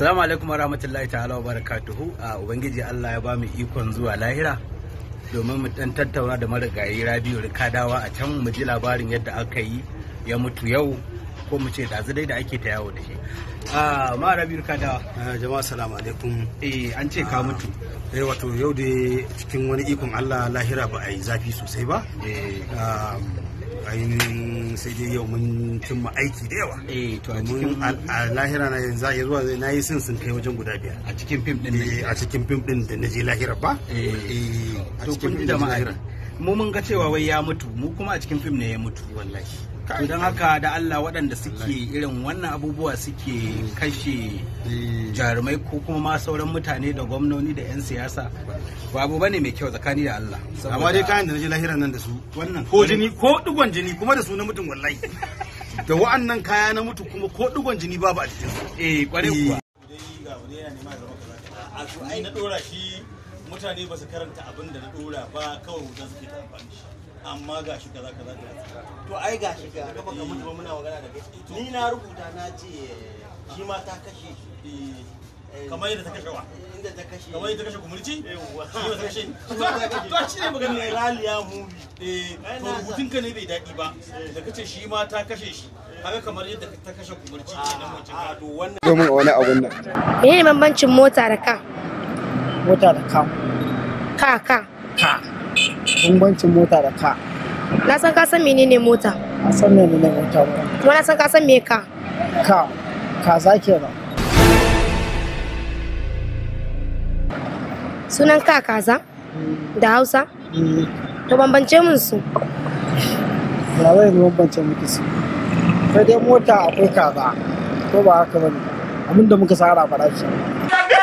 Assalamu alaikum warahmatullahi ta'ala wa barakatuhu. A Ubangiji Allah ya ba mu ikon zuwa lahira domin mu dan tattauna da marigayi Rabiu Rikadawa a can mu ji labarin yadda aka yi ya mutu yau ko mu ce dazu dai da ake ta yawo da shi. A ma Rabiu Rikadawa. Jama'a assalamu alaikum. Eh an ce ka mutu. Eh wato yau da cikin wani ikon Allah lahira ba a yi zafi sosai ba. Eh ainihin sai dai yau mun cimma aiki da yawa eh to a cikin a lahira na yanzu ya zuwa na yi sun sun kai wajen guda biyar a cikin fim din ne eh, a cikin fim din da naje lahira ba eh, eh, eh to kun da ma'aikata mu mun ga cewa wai ya mutu mu kuma a cikin fim ne ya mutu wallahi to don haka da Allah waɗanda suke irin wannan abubuwa suke kashe eh. jarumai ko kuma ma sauran mutane da gwamnoni da 'yan siyasa ba abu bane mai kyau tsakani da Allah amma dai kayan da naje lahira nan da su wannan ko jini ko digon jini kuma da su na mutum wallahi da wa'annan kaya na mutu kuma ko digon jini babu a cikin eh kware eh. kuwa a su ai na dora shi mutane ba su karanta abin da na dora ba kawai wuta suke ta amfani shi amma ga shi kaza kaza to ai ga shi ka ka baka mutu muna magana da kai ni na rubuta na ce shi ma ta kashe shi eh. kamar yadda ta kashe wa inda ta kashe kamar yadda ta kashe kumulci shi ta kashe to shi ne magana ne raliya movie eh to rubutun ka ne bai dadi ba eh. da kace shi ma ta kashe shi haka kamar yadda ta kashe kumurci ah, kenan nan a ah, to wannan domin wani abun nan ne bambancin mota da ka? mota da ka ka ka ka bambancin mota da ka na san ka san menene mota na san menene mota ba kuma na san ka san me ka ka kaza ba. sunan ka kaza da hausa mm. to bambance mun su ya mun bambance muke su kai dai mota akwai kaza ko ba haka bane abinda muka sara shi